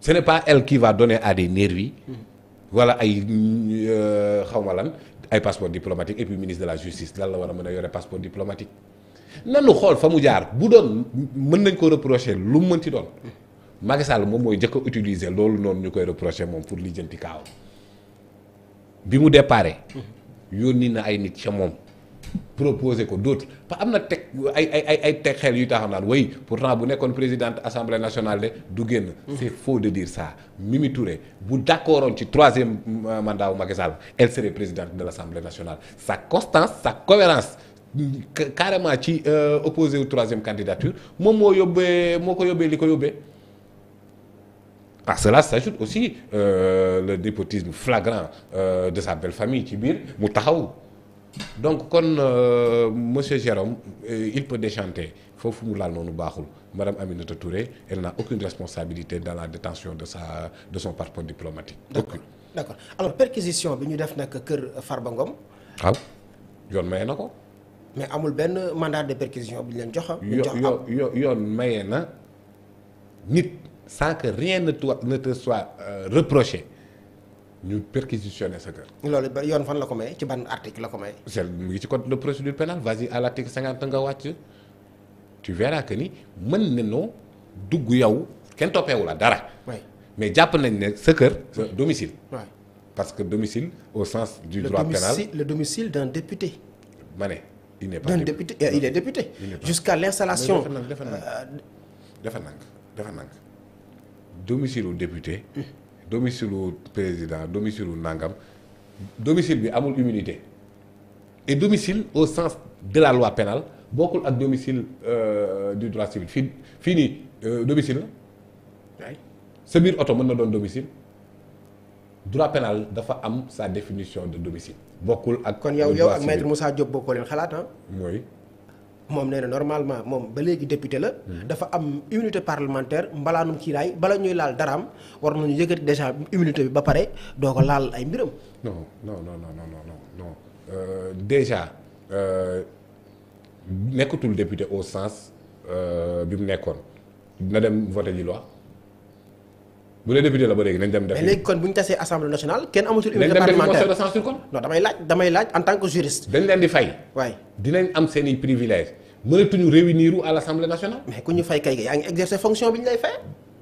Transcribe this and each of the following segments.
ce n'est pas elle qui va donner à des nervis wala ay euh, xawma lan ay passeport diplomatique et puis ministre de la justice lan la war a mën a yore passeport diplomatique nanu xool fa mu jaar bu doon mën nañ ko reprocher lu mu mënti doon Macky moom mooy njëkk a utiliser loolu noonu ñu koy reprocher moom pour lijjanti kaawam bi mu déparé yónni na ay nit ca moom proposer ko d'autres pa am na teg ay ay ay ay teg xel yu taxam naan oui pourtant bu nekkoon présidente assemblée nationale de du génn mm. c'est faux de dire saa Mimi Touré bu d'accordoon ci troisième euh, mandat wu Macky Sall elle serait présidente de l'assemblée nationale sa constance sa cohérence carrément ci euh, opposé wu troisième candidature moom moo yóbbee moo ko yóbbee li ko yóbbee À cela s'ajoute aussi euh, le népotisme flagrant euh, de sa belle famille ci biir mu taxaw donc kon euh, monsieur Jérôme euh, il peut déchanter foofu mu laal noonu baaxul madame Aminata Touré et n'a aucune responsabilité dans la détention de sa de son passeport diplomatique. d'accord aucune. d'accord alors perquisition bi ñu def nag kër Farba Ngom. Ah yoon maye na ko. mais amul benn mandat de perquisition bu ñu leen jox yo yo yoon maye na nit sans que rien ne soit euh, ñu perquisitionné sa kër. loolu yoon fan la ko may ci ban article la ko may. c' mu ngi ci code de procédure pénale vas à l' cinquante nga wàcc tu verras que ni mën nañoo dugg yow kenn toppeewu la dara. mais jàpp nañ ne sa kër sa domicile. parce que domicile au sens du le droit pénal le domicile d'un député. ma ne il n'est pas député euh, il est député. jusqu'à l'installation defe naa defe naa defe naa domicile au député. Hmm. domicile président domicile wu nangam domicile bi amul immunité et domicile au sens de la loi pénale bokkul ak domicile euh, du droit civil fii fii nii euh, domicile la sa biir oto mën na doon domicile droit pénal dafa am sa définition de domicile bokkul ak kon yow yow ak maître Moussa Diop bokkoo leen xalaat ah mooy moom nee normalement moom ba léegi député la. dafa am immunité parlementaire mbalaanum kiiraay bala ñuy laal daraam war nañu yëkkati déjà immunité bi ba pare doo ko laal ay mbiram. non non non non no non non euh, déjà euh, nekkatul député au sens euh, nekkoon na dem voté ji loi bu dee député la ba léegi nañ dem. def mais léegi kon bu ñu tasee assemblée nationale kenn amatul immunité parlementaire damay laaj damay laaj en tant que juriste. dañ leen di fay. waay dinañ am seen i privilèges mënatuñu réunir à l' assemblée nationale. mais ku ñu fay kay yaa ngi exercer fonction bi ñu lay fay.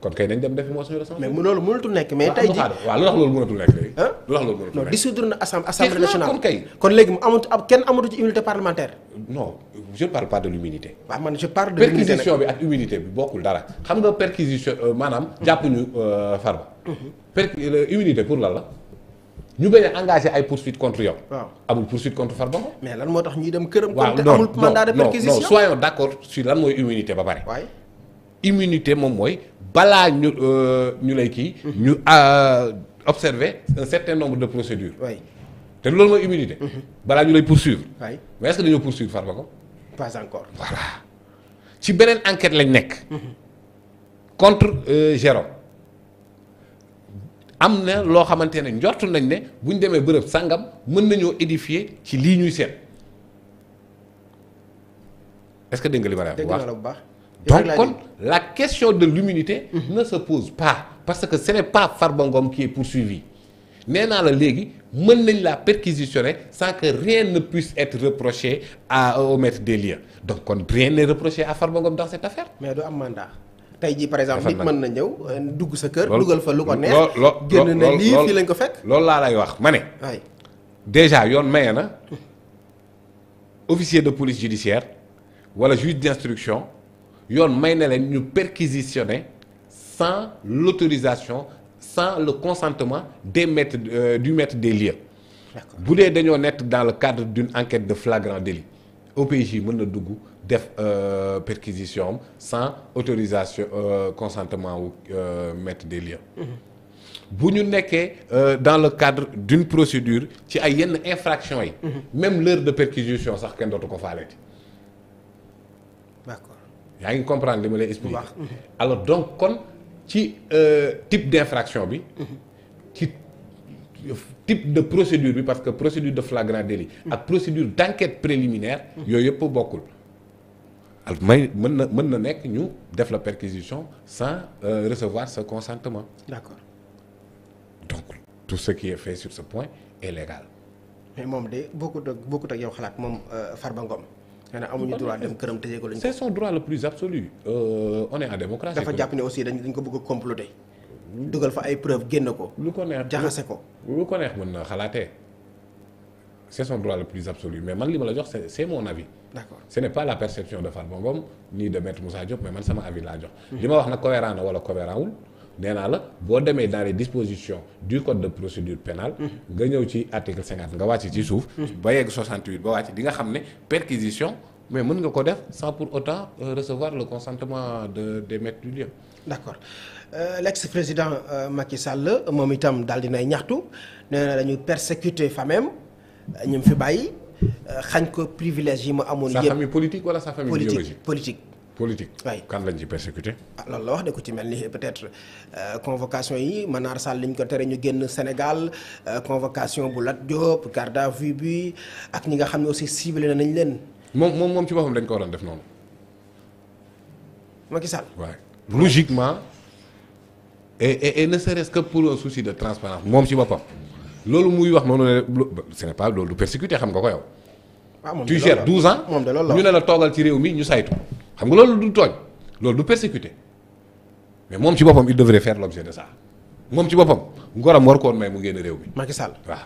kon kay nañ dem defi motion de censure. mais loolu mënatul nekk mais tey jii lu tax loolu mënatul nekk léegi. lu tax loolu mënatul nekk nationale kon léegi mu amatu ab kenn amatu ci immunité parlementaire. non je ne parle pas de l' immunité. waaw man je parle de l' perquisition bi ak immunité bi bokkul dara. xam nga perquisition euh, maanaam. jàppuñu euh, Farba. Mhm. per euh, pour lan la. ñu bañ a engagé ay poursuite contre yow. waaw amul poursuite contre Farba Ngom. mais lan moo tax ñuy dem këram. waaw non amul mandat de perquisition non non soyons d' accord sur lan mooy immunité ba pare. waay immunité moom mooy balaa ñu euh, ñu lay kii. Mhm. ñu euh, observer un certain nombre de procédures. waay te loolu mooy immunité. Mhm. balaa ñu lay poursuivre. waay mais est ce que dañoo poursuivre Farba Ngom. pas encore voilà. ci beneen enquete lañ nekk. Mhm. contre euh, Jérôme. am na loo xamante ne njort nañ ne bu ñu demee bërëb sàngam mën nañoo édifier ci lii ñuy seet est-ce que dégg nga li ma la bu baax donc kon la question de l'immunité mhm. ne sa pose pas parce que ce n'est pas Farba Ngom qui est poursuivi nee naa la léegi mën nañ la perquisitionner sans que rien ne puisse être reproché à au maître des lieux donc kon rien n'est reproché à Farba Ngom dans cette affaire du am mandat tey jii par exemple nit mën na ñëw euh, dugg sa kër. dugal fa lu ko neex génn na lii fii lañ ko fekk. loolu laa lay wax ma ne. waay déjà yoon maye na officier de police judiciaire wala juge d'instruction yoon may na leen ñu perquisitionner sans l'autorisation sans le consentement des maîtres euh, du maître des lieux. bu dee dañoo nett dans le cadre d'une enquête de flagrant délit OPJ mën na dugg def euh, perquisition am sans autorisation euh, consentement wu euh, maître des lieux. Mm-hmm. bu ñu nekkee dans le cadre d'une procédure ci ay yenn infraction yi. Mm-hmm. même leur de perquisition sax kenn dootu ko faaleeti. yaa ngi comprendre li ma lay expliquer. Mm-hmm. alors donc kon ci type d'infraction bi. ci type de procédure bi parce que procédure de flagrant délit ak procédure d'enquête préliminaire yooyu yëpp bokkul al may mën na mën na nekk ñu def la perquisition sans euh, recevoir ce consentement d'accord donc tout ce qui est fait sur ce point est légal mais moom de bokkut ak bokkut ak yow xalaat moom euh, Farba Ngom nee na amuñu droit dem këram tëjee ko lañu c'est son droit le plus absolu euh, on en démocratie dafa jàpp ne aussi dañ dañ ko bëgg a comploter dugal fa ay preuve génn ko. lu ko neex jaxase ko. lu ko neex mën na xalaatee c'est son droit le plus absolu mais man li ma la jox c'est c'est mon avis. d'accord ce n'est pas la perception de Farba Ngom ni de maître Moussa Diop mais man sama avis laa jox. Hmm. li ma wax na cohérent na wala cohérent wul nee la boo demee dans les dispositions du code de procédure pénale hmm. nga ñëw ci article 50 nga wàcc ci suuf. Hmm. ba yegg 68 ba wàcc di nga xam ne perquisition. mais mën nga ko def sans pour autant euh, recevoir le consentement de des maîtres du lieu. d'accord euh, l'ex-président euh, Macky sàll moom itam daal dinay ñaxtu nee na dañu persécuter famem euh, ñu mu fi bàyyi euh, xañ ko privilège yi ma amoon. yëpp sa famille politique wala sa famille politique politique. waay kan lañ ci persécuté. ah la wax de ko ci mel ni peut-être convocation yi Manar Sall liñ ko tere ñu génn Sénégal convocation bu Lat Diop garde à vue bi ak ñi nga xam ne aussi ciblé nañ leen. moom moom moom ci boppam dañ ko waroon def noonu. Macky Sall waaye logiquement. et et ne serait-ce que pour un de transparence moom ci boppam. loolu muy wax noonu ne ce n'est pas loolu du persécuté xam nga ko yow. waaw ah, moom tu gères 12 ans ñu ne la toogal ci réew mi ñu saytu. xam nga loolu du tooñ loolu du persécuté mais moom ci boppam il devrait faire l'objet de ça moom ci boppam ngoram war koon may mu génn réew mi. Macky Sall waaw.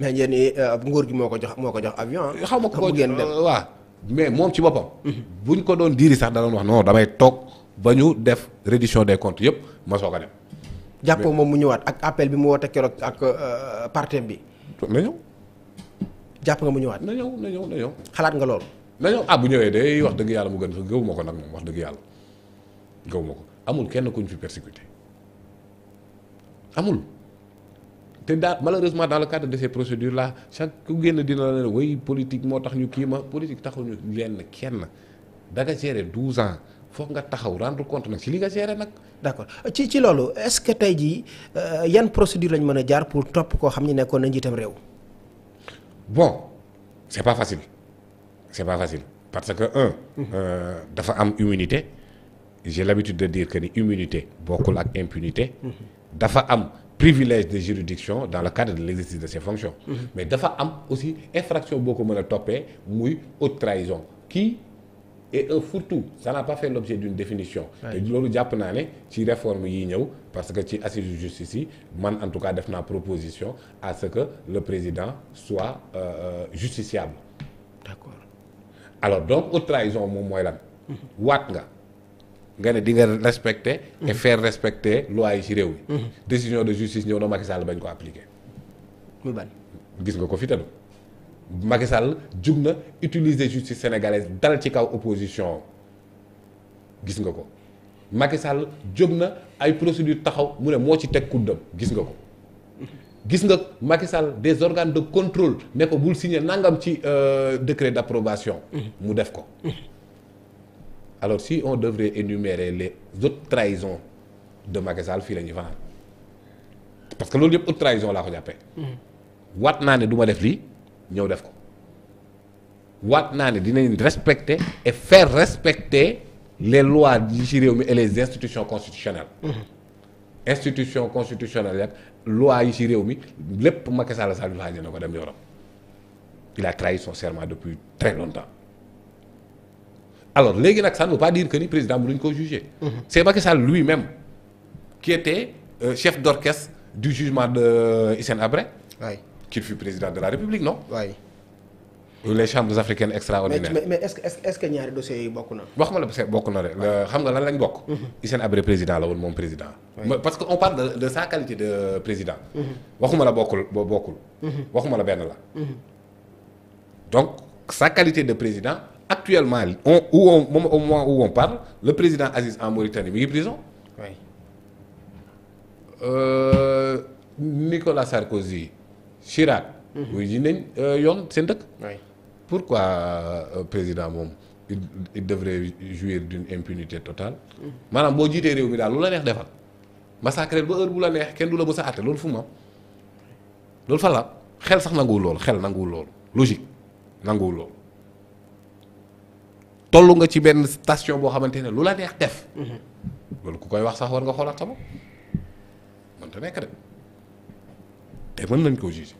mais yéen ñii euh, nguur gi moo ko jox moo ko jox avion ah. xaw ma ko ngeen dem euh, waaw mais moom ci boppam. Mhm. bu ñu ko doon diiri sax danañ wax non damay toog ba ñu def reddition des comptes yëpp ma soog ko dem. jàppoo moom mu ñëwaat ak appel bi mu woote keroog ak euh, partem bi. jàpp nga mu ñëwaat. na ñëw na ñëw na ñëw. xalaat nga loolu. na ñëw ah bu ñëwee day wax dëgg yàlla mu gën fa gëw ko nag moom wax dëgg yàlla gëw ma ko amul kenn kuñ fi persécuté amul. te daal malheureusement dans le cadre de ces procédures chaque ku génn dina la ne way politique moo tax ñu kii ma politique taxuñu lenn kenn da nga gérer 12 ans foog nga taxaw rendre compte nag ci li nga gérer nag. d'accord ci ci loolu est-ce que tey jii euh, yan procédure lañ mën a jaar pour topp koo xam ne nekkoon na njiitam réew. bon c'est pas facile c'est pas facile parce que un. Euh, dafa am immunité j'ai l'habitude de dire que ni immunité bokkul ak impunité. privilège de juridiction dans le cadre de l'exercice de ses fonctions mhm. mais dafa am aussi infraction boo ko mën a toppee muy haute trahison qui est un fourre-tout ça n'a pas fait l'objet d'une définition loolu jàpp naa ne ci réforme yi ñëw parce que ci assises de justice yi man en tout cas def naa proposition à ce que le président soit euh, euh justiciable d'accord alors donc haute trahison moom mooy lan mhm. waat nga nga ne di nga respecter. fair faire respecter loi yi ci réew mi. Mhm. décision de justice ñëw na Macky Sall bañ ko appliquer. gis nga ko fi tamit Macky Sall jug na utiliser justice sénégalaise dal ci kaw opposition gis nga ko Macky Sall jóg na ay procédure taxaw mu ne moo ci teg kuddam gis nga ko. gis nga Macky Sall des organes de contrôle ne ko bul signer nangam ci euh, décret d'approbation. Mhm. mu def ko. Mhm. alors si on devrait énumérer les autres trahisons de Macky Sall fii la ñuy fanaan parce que loolu yëpp autre trahison laa ko jàppee. Mm. waat naa ne du ma def lii ñëw def ko waat naa ne dinañ respecter et fair respecter les lois yi ci réew mi et les institutions constitutionnelles. Mm. institution constitutionnelle ak yi ci réew mi lépp Macky Sall Sall bi faa na ko dem yoonam il a trahi son serment depuis très longtemps. alors léegi nag ça ne veut pas dire que ni président mënuñ ko juger. Mhm. c' est Macky Sall lui-même qui euh, chef d' du jugement de euh, Hissène Habré. waay qui fut président de la République non. waay. les chambres africaines extraordinaires. mais mais, mais est ce que est ce que ñaari dossiers yi bokk na. wax ma la parce que bokk na rek euh, xam nga lan lañ bokk. Mhm. Hissène Habré président la woon moom président. parce que on parle de de sa qualité de président. Mhm. waxuma la bokkul bokkul. waxuma la la. donc sa de président. actuellement on où on moom au moment où on parle le président Aziz en Mauritanie mi ngi prison. oui euh, Nicolas Sarkozy Chirac. Mhm. Euh, yoon seen dëkk. pourquoi euh, président moom il il devrait jouir d'une impunité total mhm. maanaam boo jiitee réew mi daal lu la neex defal. massacrer ba heure bu la neex kenn du la mës a àtte loolu fu mu loolu fa la xel sax nanguwu loolu xel nanguwul loolu logique loolu. tollu nga ci benn station boo xamante ne lu la neex def. Mm-hmm. loolu ku koy wax sax war nga xoolaat sama mënta nekk de te mën nañ koo juger